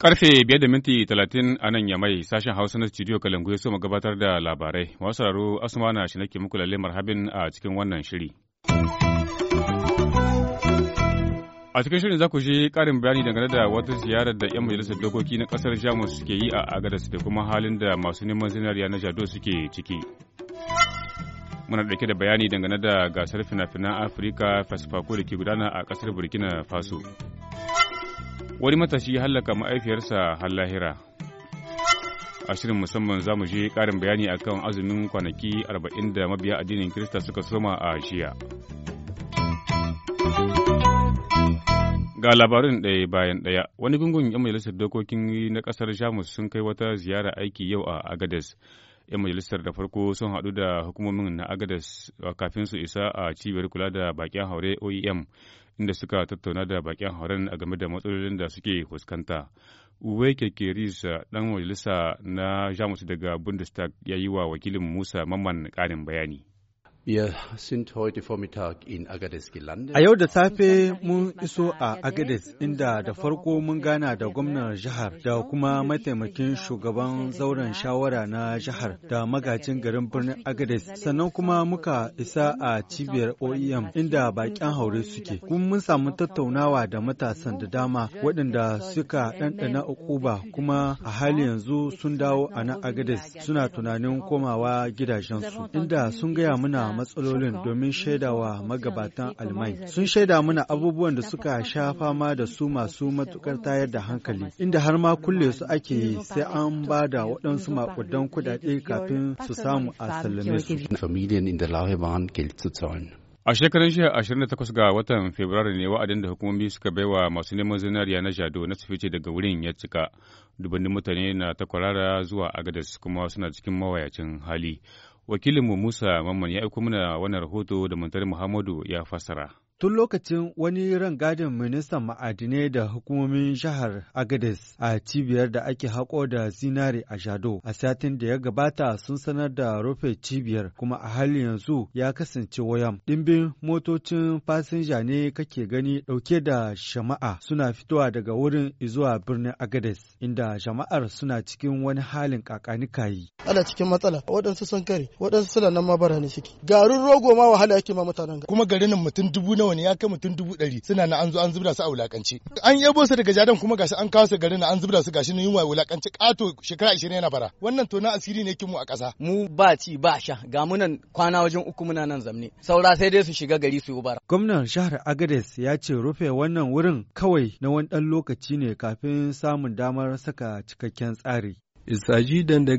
Karfe biyar da minti talatin a nan yamai sashen Hausa na studio Kalangu ya so mu gabatar da labarai. Masu sauraro na shi nake muku lalle marhabin a cikin wannan shiri. A cikin shirin za ku ji ƙarin bayani dangane da wata ziyarar da 'yan majalisar dokoki na ƙasar Jamus suke yi a Agadas da kuma halin da masu neman zinariya na Jado suke ciki. Muna dauke da bayani dangane da gasar fina-finan Afirka Fasfako da ke gudana a ƙasar Burkina Faso. Wani matashi ya hallaka ma'aifiyarsa har lahira. A shirin musamman za mu je ƙarin bayani akan azumin kwanaki arba'in da mabiya addinin Kirista suka soma a jiya. Ga labarin ɗaya bayan ɗaya, wani gungun 'yan majalisar dokokin na ƙasar Jamus sun kai wata ziyara aiki yau a agades 'Yan majalisar da farko sun haɗu da hukumomin na agades kafin su isa a cibiyar kula da baƙin haure OEM, inda suka tattauna da baƙin hauren a game da matsalolin da suke fuskanta. Uwe Kekeris ɗan majalisa na Jamus daga Bundestag ya yi wa wakilin Musa Mamman ƙarin bayani. Wir sind heute Vormittag in Agadez gelandet. A yau da safe mun iso a Agadez inda da farko mun gana da gwamnan jihar da kuma mataimakin shugaban zauren shawara na jihar da magajin garin birnin Agadez. Sannan kuma muka isa a cibiyar OEM inda bakin haure suke. Kuma mun samu tattaunawa da matasan da dama waɗanda suka ɗanɗana ukuba kuma a hali yanzu sun dawo a na Agadez suna tunanin komawa gidajensu inda sun gaya muna matsalolin domin shaidawa magabatan almai sun shaida mana abubuwan da suka sha fama da su masu matukar tayar da hankali inda har ma kulle su ake yi sai an ba da waɗansu makudan kudade kafin su samu a sallame su A shekarun jiya 28 ga watan Fabrairu ne wa'adin da hukumomi suka baiwa masu neman zinariya na Jado na fice daga wurin ya cika. Dubannin mutane na ta kwarara zuwa Agadas kuma suna cikin mawayacin hali. Wakilinmu Musa Mamman ya aiko mana wannan rahoto da Muntari Muhammadu ya fassara. Tun lokacin wani gadin ministan ma'adinai da hukumomin jihar Agadez a cibiyar da ake haƙo da zinare a Jado a satin da ya gabata sun sanar da rufe cibiyar kuma a halin yanzu ya kasance wayan. Ɗimbin motocin fasinja ne kake gani ɗauke da shama'a suna fitowa daga wurin zuwa birnin Agadez inda jama'ar suna cikin wani halin kayi. Ana cikin matsala waɗansu sun kare waɗansu suna nan ma bara ne Garin rogo ma wahala yake ma mutanen kuma garin mutum dubu nawa nawa ne ya kai mutum dubu ɗari suna na an zo an zubda su a wulakanci an yabo su daga jadan kuma gashi an kawo su garin na an zubda su gashi na yunwa wulakanci ƙato shekara ashirin yana bara wannan to na asiri ne kinmu a ƙasa. mu ba ci ba sha ga munan kwana wajen uku muna nan zamne saura sai dai su shiga gari su yi bara. gwamnan jihar agades ya ce rufe wannan wurin kawai na wani ɗan lokaci ne kafin samun damar saka cikakken tsari. da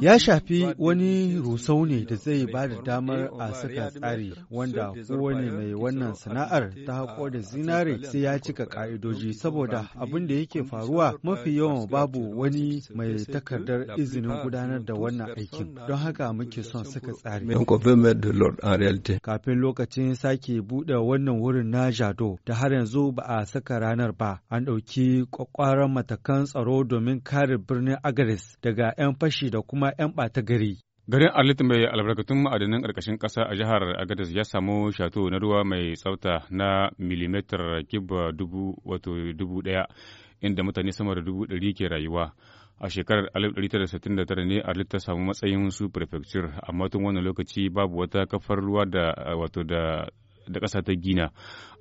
Ya shafi wani rusau ne da zai ba da damar a saka tsari wanda kowane mai wannan sana'ar ta haƙo da zinare sai ya cika ƙa'idoji saboda abin da yake faruwa mafi yawan babu wani mai takardar izinin gudanar da wannan aikin don haka muke son saka tsari. Kafin lokacin sake buɗe wannan wurin na Jado da har yanzu ba a saka ranar ba an ɗauki ƙwaƙwaran matakan tsaro domin kare birnin Aga Angeles daga 'yan fashi da kuma 'yan ɓata gari. Garin Arlit mai albarkatun ma'adanan ƙarƙashin ƙasa a jihar Agadez ya samu shato na ruwa mai tsafta na milimetar kibba dubu wato dubu ɗaya inda mutane sama da dubu ɗari ke rayuwa. A shekarar 1969 ne Arlit ta samu matsayin su prefecture amma tun wannan lokaci babu wata kafar ruwa da wato da da ƙasa ta gina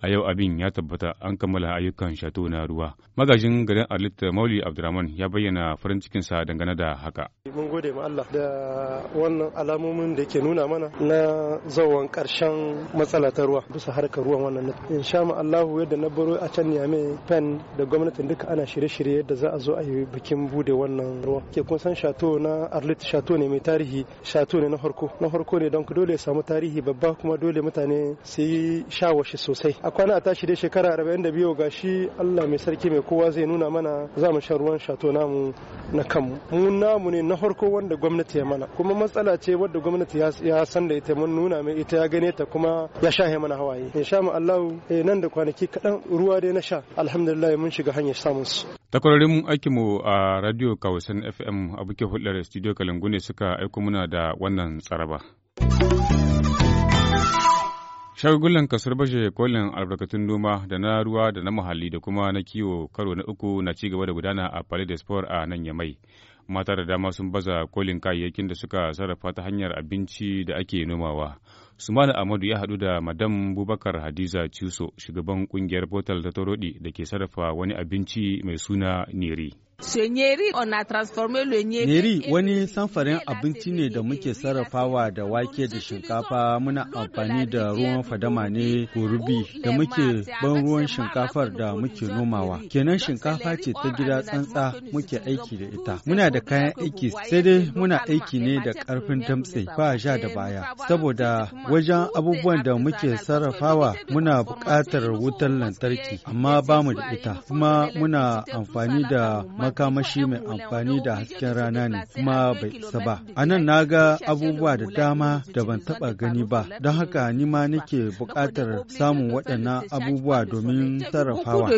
a yau abin ya tabbata an kammala ayyukan shato na ruwa magajin garin arlit mauli abdurrahman ya bayyana farin cikinsa dangane da haka Mun gode ma Allah da wannan alamomin da ke nuna mana na zawan karshen matsala ta ruwa bisa harkar ruwan wannan in sha ma Allahu yadda na baro a can yame pen da gwamnatin duka ana shirye-shirye yadda za a zo a yi bikin bude wannan ruwa. Ke kun san shato na Arlit shato ne mai tarihi shato ne na harko na harko ne don dole ya samu tarihi babba kuma dole mutane su yi shawashi sosai. A kwana a tashi shirye shekara 42 ga shi Allah mai sarki mai kowa zai nuna mana za mu sha ruwan shato namu na kanmu. Mun namu ne na farko wanda gwamnati ya mana kuma matsala ce wadda gwamnati ya san da ita mun nuna mai ita ya gane ta kuma ya shahe mana hawaye in sha mu Allahu eh, nan da kwanaki kaɗan ruwa dai na sha alhamdulillah mun shiga hanyar samun su takwarorin aikin mu a radio kawasan FM abuke hulɗar studio Kalangu ne suka aiko muna da wannan tsaraba shagulan kasar bashe kolin albarkatun noma da na ruwa da na muhalli da kuma na kiwo karo na uku na ci gaba da gudana a palais de sport a nan yamai mata da dama sun baza kolin kayayyakin da suka sarrafa ta hanyar abinci da ake nomawa. Sumana ahmadu ya haɗu da Madam Bubakar Hadiza Ciso, shugaban ƙungiyar Botal ta toroɗi da ke sarrafa wani abinci mai suna Neri. Nyeri wani samfarin abinci ne da muke sarrafawa da wake da shinkafa muna amfani da ruwan fadama ne gorubi da muke ban ruwan shinkafar da muke nomawa. Kenan shinkafa ce ta gida tsantsa muke aiki da ita. Muna da kayan aiki sai dai muna aiki ne da karfin damtse ba ja da baya. Saboda wajen abubuwan da muke sarrafawa muna buƙatar wutar lantarki amma bamu da ita. Kuma muna amfani da makamashi mai amfani da hasken rana ne kuma bai isa ba. A nan na ga abubuwa da dama da ban taɓa gani ba, don haka ni ma nake buƙatar samun waɗannan abubuwa domin sarrafawa.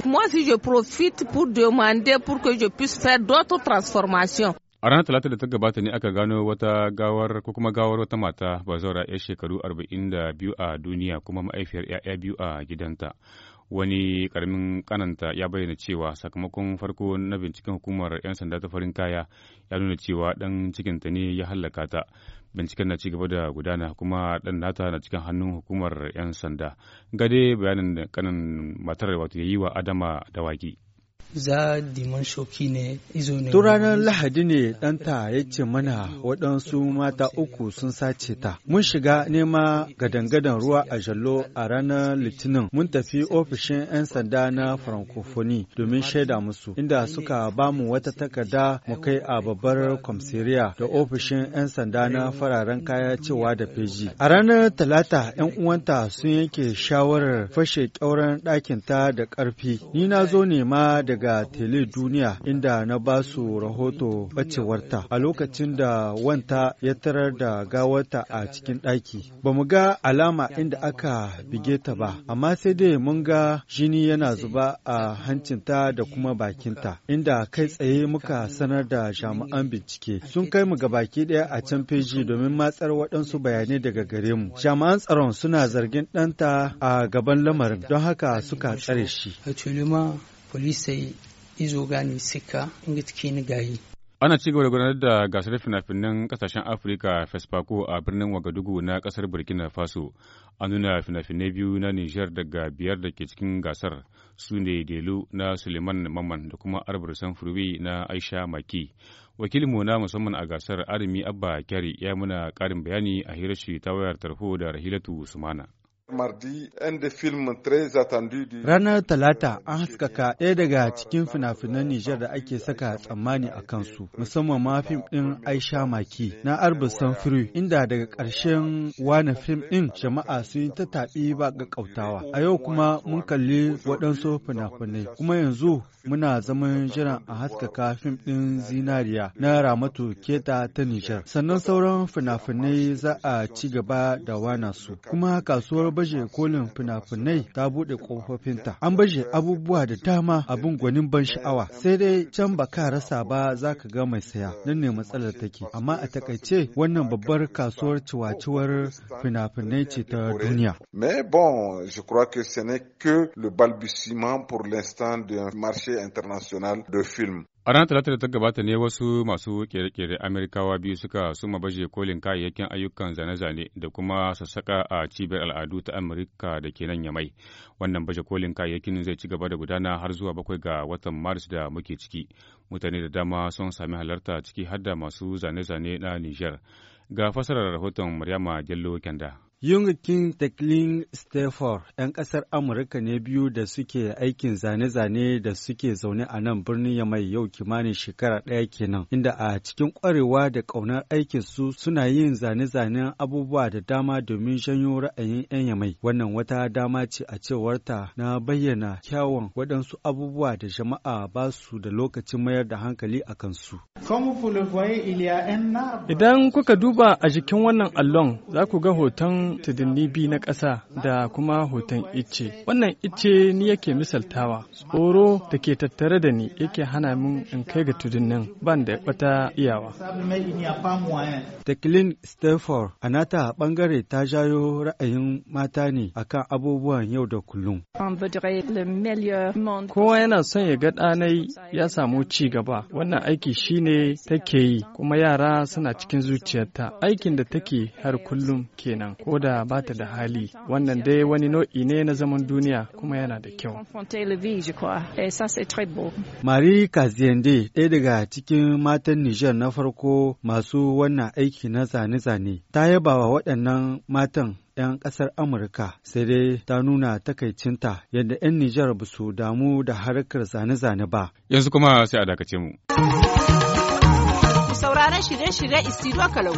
A ranar Talata da ta gabata ne aka gano wata gawar ko kuma gawar wata mata zaura 'yar shekaru 42 a duniya kuma ma'aifiyar 'ya'ya biyu a gidanta. wani karamin kananta ya bayyana cewa sakamakon farko na binciken hukumar 'yan sanda ta farin kaya ya nuna cewa dan cikinta ne ya hallaka ta binciken na cigaba da gudana kuma dan nata na cikin hannun hukumar 'yan sanda gade bayanin kanan matar wato ya yi wa adama dawaki. za diman shoki ne izo ne. Tun ranar Lahadi ne ɗanta ya ce mana waɗansu mata uku sun sace ta. Mun shiga nema gadangadan ruwa a Jallo a ranar Litinin. Mun tafi ofishin 'yan sanda na farankofoni domin shaida musu, inda suka ba mu wata takarda mu kai a babbar komsiriya da ofishin 'yan sanda na fararen kaya cewa da feji. A ranar Talata 'yan uwanta sun yanke shawarar fashe ƙyauren ɗakinta da ƙarfi. Ni na zo nema daga daga Tele Duniya inda na ba su rahoto bacewarta a lokacin da wanta ya tarar da gawarta a cikin ɗaki. Ba mu ga alama inda aka bige ta ba, amma sai dai mun ga jini yana zuba a hancinta da kuma bakinta, inda kai tsaye muka sanar da jami'an bincike. Sun kai mu gabaki ɗaya a can feji domin matsar waɗansu bayanai daga gare mu. Jami'an tsaron suna zargin ɗanta a gaban lamarin don haka suka tsare shi. polisai gani sika ni gayi ana ci gaba da gudanar da gasar fina-finan kasashen afirka fesfako a birnin wagadugu na kasar burkina faso an nuna fina-finai biyu na nijar daga biyar da ke cikin gasar su ne delu na suleiman maman da kuma arbar sanfurwe na aisha maki wakilinmu na musamman a gasar arimi abba kyari ya muna karin bayani a hirar shi ta wayar tarho da rahilatu usmana Ranar Talata an haskaka ɗaya daga cikin fina-finan Nijar da ake saka tsammani a kansu, musamman ma fim ɗin Aisha Maki na Arba Sanfiri, inda daga ƙarshen wani fim ɗin jama'a sun yi ta taɓi ba ga ƙautawa. A yau kuma mun kalli waɗansu fina-finai, kuma yanzu muna zaman jiran a haskaka fim ɗin Zinariya na Ramatu Keta ta Nijar. Sannan sauran fina-finai za a ci gaba da wana su, kuma kasuwar baje kolin fina-finai ta buɗe ƙofofinta. An baje abubuwa da dama abin gwanin ban sha'awa. Sai dai can ba ka rasa ba za ka ga mai saya. Nan ne matsalar take. Amma a takaice wannan babbar kasuwar ciwaciwar fina-finai ce ta duniya. Mais bon, je crois que ce n'est que le balbutiement pour l'instant d'un marché international de films. A ranar Talata da ta gabata ne wasu masu kere-kere Amerikawa biyu suka suma baje kolin kayayyakin ayyukan zane-zane da kuma sassaka a cibiyar al'adu ta Amurka da ke nan Yamai. Wannan baje kolin kayayyakin zai ci gaba da gudana har zuwa bakwai ga watan Maris da muke ciki. Mutane da dama sun sami halarta ciki har da masu zane-zane na niger Ga fasarar rahoton Maryama Jallo Kenda. Yung King Declan Stafford, ‘yan ƙasar Amurka ne biyu da suke aikin zane-zane da suke zaune a nan birnin mai yau kimanin shekara ɗaya kenan, inda a cikin ƙwarewa da ƙaunar aikin su suna yin zane-zanen abubuwa da dama domin janyo ra'ayin ‘yan Yamai. Wannan wata dama ce a cewarta na bayyana kyawun waɗansu abubuwa da jama'a ba su da lokacin mayar da hankali a kansu. Idan kuka duba a jikin wannan allon, za ku ga hoton tudunni biyu na ƙasa da kuma hoton icce. Wannan icce ni yake misaltawa, tsoro da ke tattare da ni yake hana min in kai ga tudunnin ban da wata iyawa. Taklin Stafford a nata ɓangare ta jayo ra'ayin mata ne akan abubuwan yau da kullum. Kowa yana son ya ga ɗanai ya samu ci gaba, wannan aiki shine take yi kuma yara suna cikin zuciyarta aikin da take har kullum kenan ko da ba ta da hali wannan dai wani nau'i ne na zaman duniya kuma yana da kyau marie kaziyende ɗaya daga cikin matan Nijar na farko masu wannan aiki na zane-zane ta yaba wa waɗannan matan 'yan ƙasar Amurka sai dai ta nuna takaicinta yadda 'yan Nijar ba su damu da harkar zane-zane ba. Yanzu kuma sai a dakace mu. Sauraron shirye-shirye Istiro Kalau.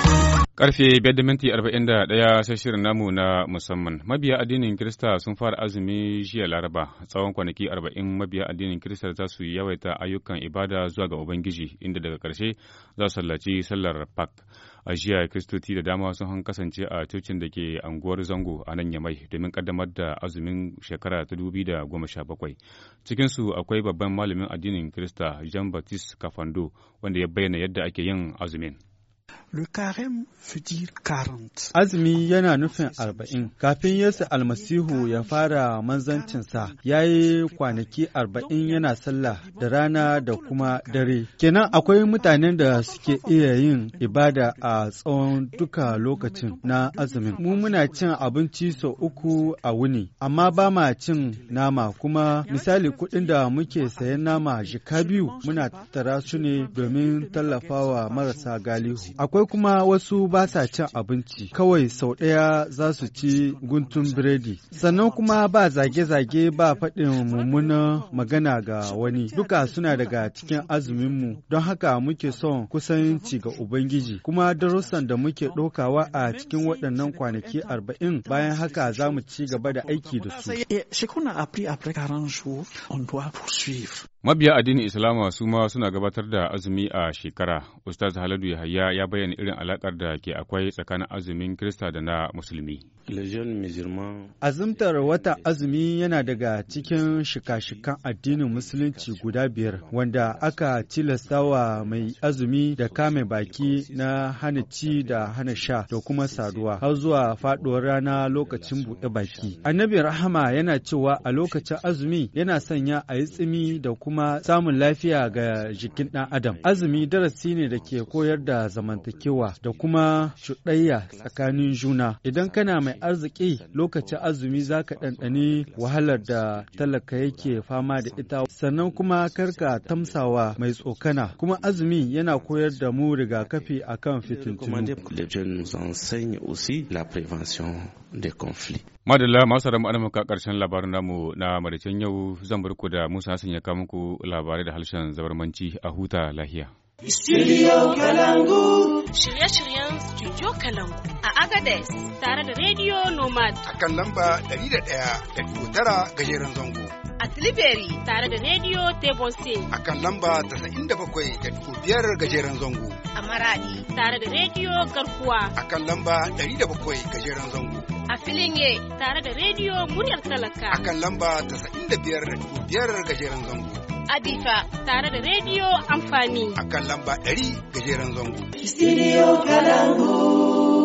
Karfe biyar da minti arba'in da ɗaya sai shirin namu na musamman. Mabiya addinin Kirista sun fara azumi jiya Laraba. Tsawon kwanaki arba'in mabiya addinin Kirista za su yawaita ayyukan ibada zuwa ga Ubangiji, inda daga ƙarshe za su sallaci sallar Pak. A jiya Kiristoci da dama sun kasance a cocin da ke anguwar Zango a nan Yamai domin kaddamar da azumin shekara ta dubi da goma sha bakwai. Cikinsu akwai babban malamin addinin Kirista Jean Baptiste Kafando wanda ya bayyana yadda ake yin azumin. Azumi yana nufin arba'in. Kafin Yesu almasihu ya fara manzancinsa, ya yi kwanaki arba'in yana sallah da rana da kuma dare. Kenan akwai mutanen da suke iya yin ibada a tsawon duka lokacin na azumin. Mu muna cin abinci sau uku a wuni, amma ba ma cin nama kuma misali kuɗin da muke sayan nama jika biyu muna tara su ne domin tallafawa marasa galihu. Akwai akwai kuma wasu ba sa cin abinci kawai sau ɗaya za su ci guntun biredi sannan kuma ba zage-zage ba faɗin mummunan magana ga wani duka suna daga cikin azuminmu don haka muke son kusanci ga ubangiji kuma darussan da muke ɗaukawa a cikin waɗannan kwanaki arba'in bayan haka za mu ci gaba da aiki da su eh, mabiya addinin islama su ma suna gabatar da azumi a shekara ustaz haladu yahaya ya bayyana bayani irin alakar da ke akwai tsakanin azumin Kirista da na Musulmi. Azumtar wata azumi yana daga cikin shika-shikan addinin Musulunci guda biyar wanda aka wa mai azumi da kame baki na hana ci da hana sha da kuma saduwa har zuwa faduwar rana lokacin buɗe baki. Annabi Rahama yana cewa a lokacin azumi yana sanya a yi tsimi da kuma samun lafiya ga jikin ɗan Adam. Azumi darasi ne da ke koyar da zamantakewa zamantakewa da kuma cuɗayya tsakanin juna. Idan kana mai arziki lokacin azumi za ka ɗanɗani wahalar da talaka yake fama da ita sannan kuma karka tamsawa mai tsokana kuma azumi yana koyar da mu rigakafi akan kan Madalla masu da ma'adama ka karshen labarin namu na madacin yau zan barku da Musa na ya kawo labarai da harshen zabarmanci a huta lahiya. Studio Kalangu. Shirye-shiryen Studio Kalangu a Agadez, tare da Radio Nomad. A kan lamba 101.9 gajeren zango. A Tilibiri tare da Radio Tebonse. A kan lamba 97.5 gajeren zango. A Maradi tare da Radio Garkuwa. A kan lamba 107 gajeren zango. A Filinge tare da Radio Muryar Talaka. A kan lamba 95.5 gajeren zango. Adifa tare da radio amfani. A kan lamba 100 gajeren zango. Studio Kalangu.